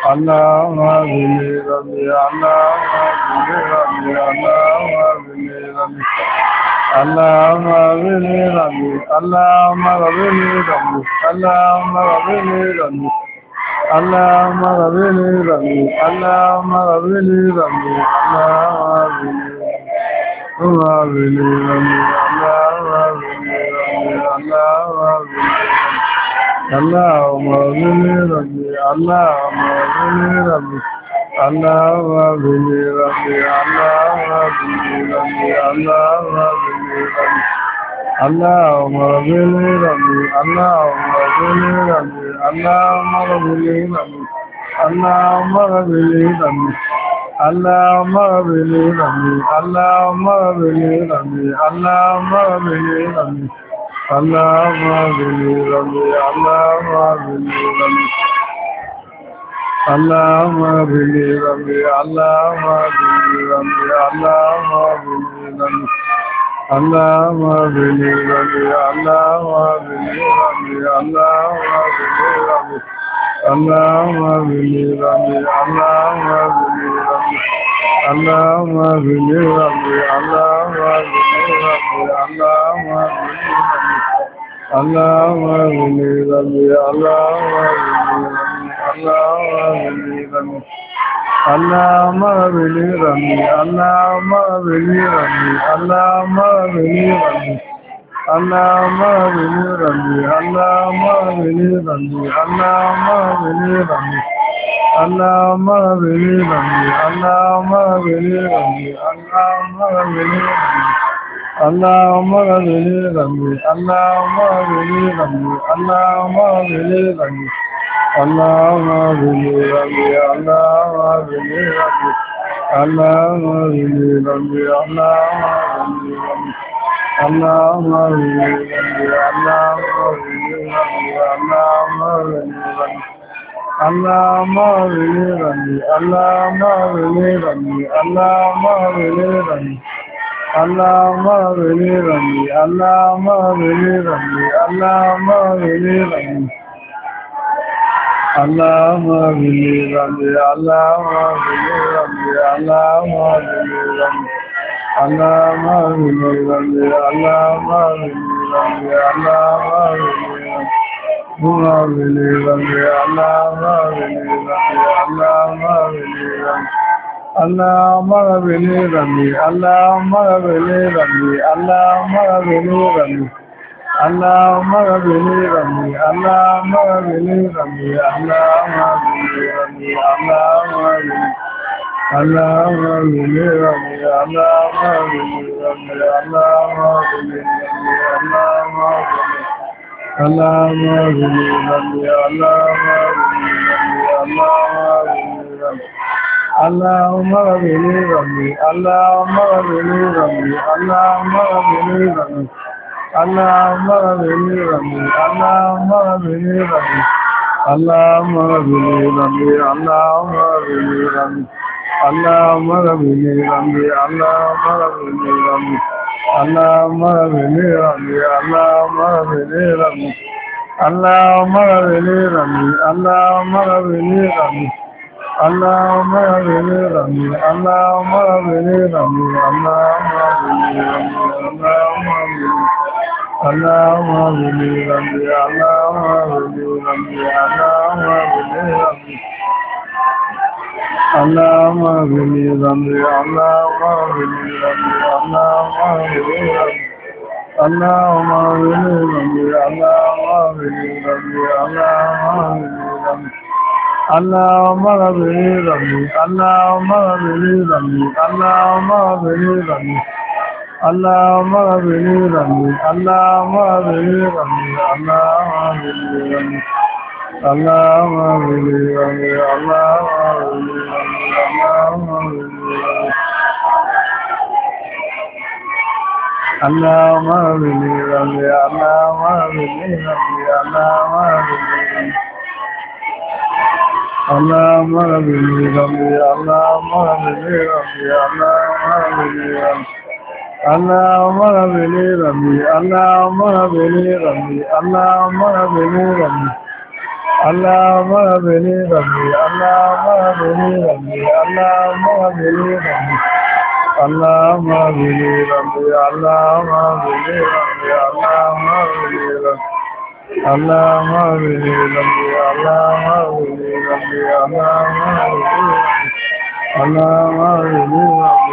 Allahumma rabbi rabbi Allahumma rabbi rabbi Allahumma rabbi rabbi Allahumma rabbi rabbi Allahumma rabbi rabbi Allahumma rabbi rabbi Allahumma rabbi rabbi Allahumma rabbi rabbi Allahumma rabbi rabbi اللهم اغفر لي ربي اللهم اغفر لي ربي اللهم اغفر لي ربي اللهم اغفر لي ربي اللهم اغفر لي ربي اللهم اغفر لي ربي اللهم اغفر لي ربي اللهم اغفر لي ربي اللهم اغفر لي ربي اللهم اغفر لي ربي اللهم اغفر لي ربي اللهم اغفر لي ربي اللهم بني ربي اللهم بني ربي اللهم بني ربي اللهم بني ربي اللهم بني ربي اللهم بني ربي اللهم بني ربي اللهم بني ربي اللهم بني ربي اللهم بني ربي اللهم بني ربي اللهم بني ربي اللهم Allahumma rabbi rabbi Allahumma rabbi rabbi Allahumma rabbi rabbi Allahumma rabbi rabbi Allahumma rabbi rabbi Allahumma rabbi rabbi Allahumma rabbi اللهم اغفر لي ذنبي اللهم اغفر لي ذنبي اللهم اغفر لي ذنبي اللهم اغفر لي ذنبي اللهم اغفر لي ذنبي اللهم اغفر لي ذنبي اللهم اغفر لي ذنبي اللهم اغفر لي ذنبي اللهم اغفر لي ذنبي اللهم اغفر لي ذنبي اللهم اغفر لي ذنبي اللهم اغفر لي ذنبي اللهم اغفر لي ذنبي Aláàmà rí ní ìrànlẹ̀, aláàmà rí ní ìrànlẹ̀, aláàmà rí ní ìrànlẹ̀, aláàmà rí ní ìrànlẹ̀, aláàmà rí ní ìrànlẹ̀, aláàmà rí ní ìrànlẹ̀, aláàmà rí ní ìrànlẹ̀, aláàmà rí ní ìrànlẹ̀, aláàmà Allah bene rami Allah bene rami Allah bene rami Allah bene rami Allah bene bene rami Allah bene bene rami Allah bene bene rami Allah bene bene rami Allah bene bene rami اللهم رب لي ربي اللهم رب لي ربي اللهم رب لي ربي اللهم رب لي ربي اللهم رب لي ربي اللهم رب لي ربي اللهم رب لي ربي اللهم رب لي ربي اللهم رب لي ربي اللهم رب لي ربي اللهم رب لي ربي اللهم رب لي ربي اللهم رب لي ربي اللهم اغفر لي اللهم اغفر لي اللهم اغفر لي اللهم اغفر لي اللهم اغفر لي ذنبي اللهم اغفر لي ذنبي اللهم اغفر لي ذنبي اللهم اغفر لي ذنبي اللهم اغفر لي ذنبي اللهم اغفر لي ذنبي اللهم اغفر لي ذنبي اللهم اغفر لي ذنبي اللهم اغفر لي ذنبي Allahumma rabbi rabbi Allahumma rabbi rabbi Allahumma rabbi rabbi Allahumma rabbi rabbi Allahumma rabbi rabbi Allahumma rabbi rabbi Allahumma rabbi rabbi Allahumma rabbi rabbi Allahumma rabbi rabbi Allahumma rabbi rabbi Allahumma rabbi rabbi Allahumma rabbi rabbi Allahumma rabbi li rabbi Allahumma rabbi li Allahumma rabbi rabbi Allahumma rabbi rabbi Allahumma rabbi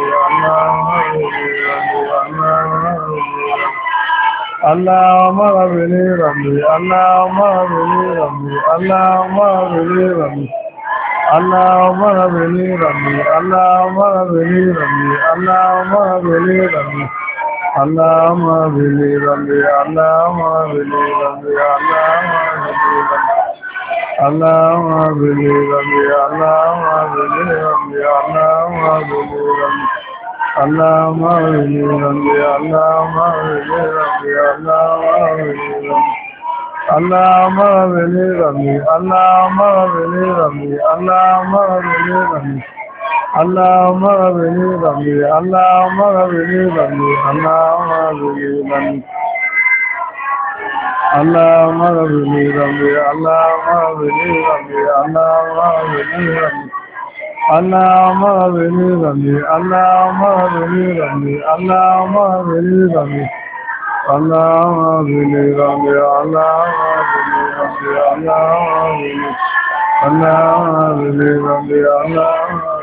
rabbi Allahumma rabbi rabbi Allahumma rabbi rabbi Allahumma rabbi rabbi Allahumma rabbi rabbi Allahumma rabbi rabbi Allahumma rabbi rabbi اللهم بلي ذنبي اللهم بلي ذنبي اللهم بلي ذنبي اللهم بلي ذنبي اللهم بلي ذنبي اللهم بلي ذنبي اللهم بلي ذنبي اللهم بلي ذنبي اللهم بلي ذنبي اللهم بلي ذنبي اللهم بلي ذنبي اللهم بلي ذنبي اللهم رب لي ذنبي اللهم رب لي ذنبي اللهم رب لي ذنبي اللهم رب لي ذنبي اللهم رب لي ذنبي اللهم رب لي ذنبي اللهم رب لي ذنبي اللهم رب لي ذنبي اللهم رب لي ذنبي اللهم رب لي ذنبي اللهم رب لي ذنبي اللهم رب لي ذنبي اللهم رب لي ذنبي اللهم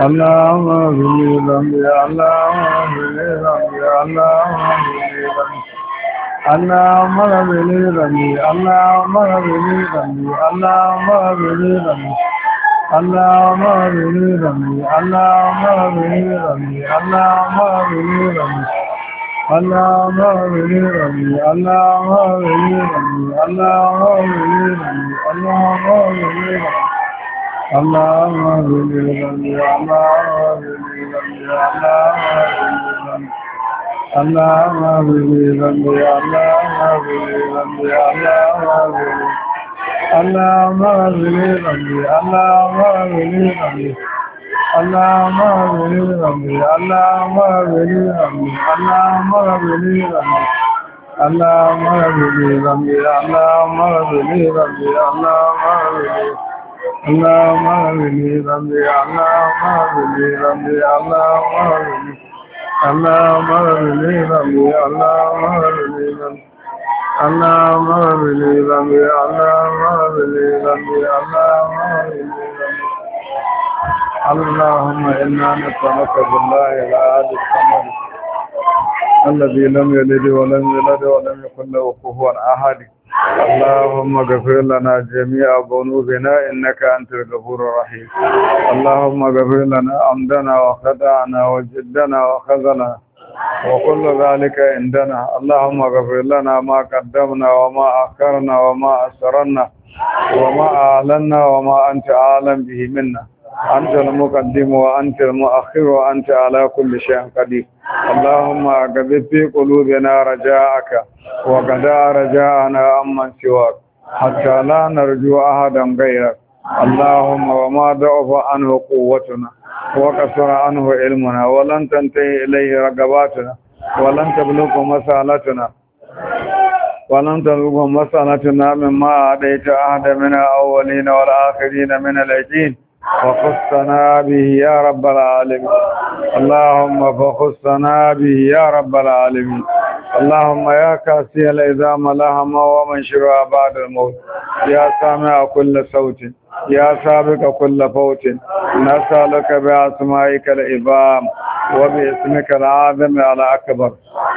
اللهم اغفر لي ذنبي اللهم اغفر لي ذنبي اللهم اغفر لي ذنبي اللهم اغفر لي ذنبي اللهم اغفر لي ذنبي اللهم اغفر لي ذنبي اللهم اغفر لي ذنبي اللهم اغفر لي ذنبي اللهم اغفر لي ذنبي اللهم اغفر لي ذنبي اللهم اغفر لي ذنبي اللهم اغفر لي ذنبي اللهم اغفر لي ذنبي Allah ma'abi ne zambi, Allah ma'abi ne zambi, Allah ma'abi Allahumma rabbi rabbi Allahumma inna nas'aluka billahi al-'adil tamam alladhi lam yalid wa lam yulad wa lam yakul lahu kufuwan ahad Allahumma inna nas'aluka billahi al-'adil tamam alladhi lam yalid wa lam yulad wa lam yakul lahu kufuwan ahad اللهم اغفر لنا جميع ذنوبنا انك انت الغفور الرحيم اللهم اغفر لنا عمدنا وخدعنا وجدنا وخذنا وكل ذلك عندنا اللهم اغفر لنا ما قدمنا وما أخرنا وما أسررنا وما أعلنا وما أنت أعلم به منا أنت المقدم وأنت المؤخر وأنت على كل شيء قدير اللهم أقذب في قلوبنا رجاءك وقدا رجاءنا عمن سواك حتى لا نرجو أحدا غيرك اللهم وما ضعف عنه قوتنا وقصر عنه علمنا ولن تنتهي إليه رقباتنا ولن تبلغ مسالتنا ولن تبلغ مسالتنا مما أديت أحد من الأولين والآخرين من الأجين فخصنا به يا رب العالمين اللهم فخصنا به يا رب العالمين اللهم يا كاسي العظام لهم ومن شرها بعد الموت يا سامع كل صوت يا سابق كل فوت نسألك بأسمائك الإبام وباسمك العظم على أكبر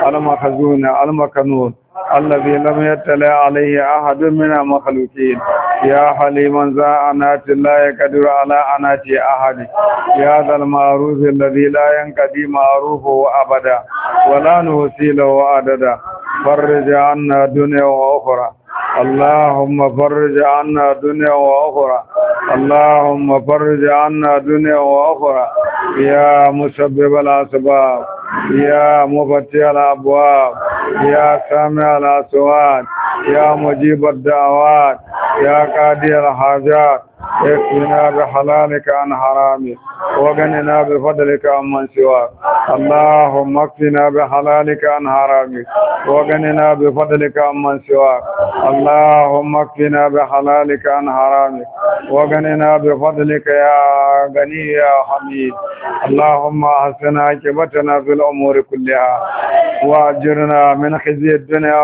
المخزون المكنون الذي لم يتلى عليه أحد من المخلوقين يا حليما ذا أنات لا يقدر على أنات أحد يا ذا المعروف الذي لا ينقضي معروفه أبدا ولا نوصي له عددا فرج عنا دنيا وأخرى اللهم فرج عنا دنيا واخرى اللهم فرج عنا دنيا واخرى يا مسبب الاسباب يا مفتح الابواب يا سامع الأصوات يا مجيب الدعوات يا قاضي الحاجات اكفنا بحلالك عن حرامك وغننا بفضلك عمن سواك اللهم اكفنا بحلالك عن حرامك وغننا بفضلك عمن سواك اللهم اكفنا بحلالك عن حرامك وغننا بفضلك يا غني يا حميد اللهم احسن عاقبتنا في الامور كلها واجرنا من خزي الدنيا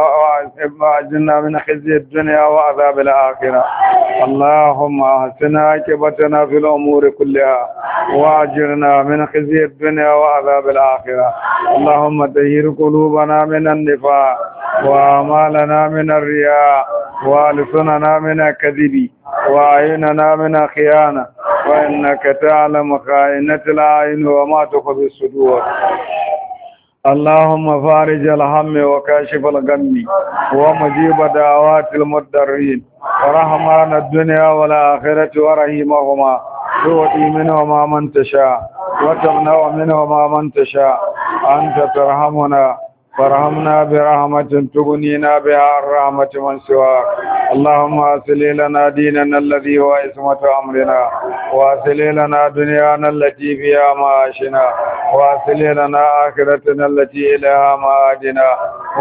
واجرنا من خزي الدنيا وعذاب الاخره اللهم احسن وحسن عاقبتنا في الامور كلها واجرنا من خزي الدنيا وعذاب الآخرة اللهم تهير قلوبنا من النفاق وأعمالنا من الرياء وألسننا من الكذب وأعيننا من الخيانة وإنك تعلم خائنة الأعين وما تخفي الصدور اللهم فارج الهم وكاشف الغم ومجيب دعوات المضطرين ورحمنا الدنيا والآخرة ورحيمهما تؤتي منهما من تشاء وتمنع منهما من تشاء أنت ترحمنا فرحمنا برحمة تغنينا بها الرحمة من سواك اللهم أسلي لنا ديننا الذي هو عصمة أمرنا وأسلي لنا دنيانا التي فيها معاشنا وأسلي لنا آخرتنا التي إليها معادنا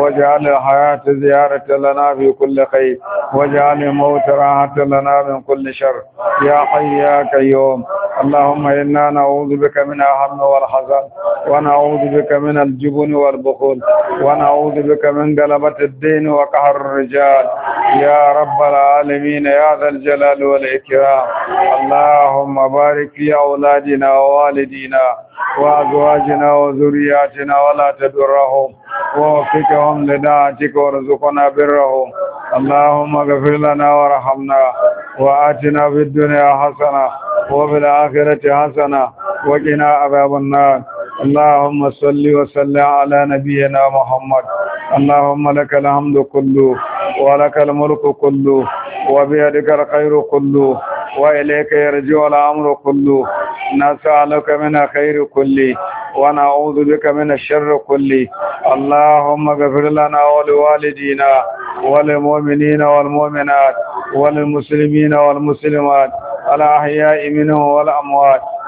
واجعل الحياة زيارة لنا في كل خير واجعل الموت راحة لنا من كل شر يا حي يا قيوم اللهم إنا نعوذ بك من الهم والحزن ونعوذ بك من الجبن والبخل ونعوذ بك من غلبة الدين وقهر الرجال يا رب العالمين يا ذا الجلال والإكرام اللهم بارك في أولادنا ووالدينا وأزواجنا وذرياتنا ولا تدرهم ووفقهم لداعتك وارزقنا برهم اللهم اغفر لنا وارحمنا وآتنا في الدنيا حسنة وفي الآخرة حسنة وقنا عذاب النار اللهم صل وسلم على نبينا محمد اللهم لك الحمد كله ولك الملك كله وبيدك الخير كله وإليك يرجع الأمر كله نسألك من خير كله ونعوذ بك من الشر كله اللهم اغفر لنا ولوالدينا وللمؤمنين والمؤمنات وللمسلمين والمسلمات الأحياء منهم والأموات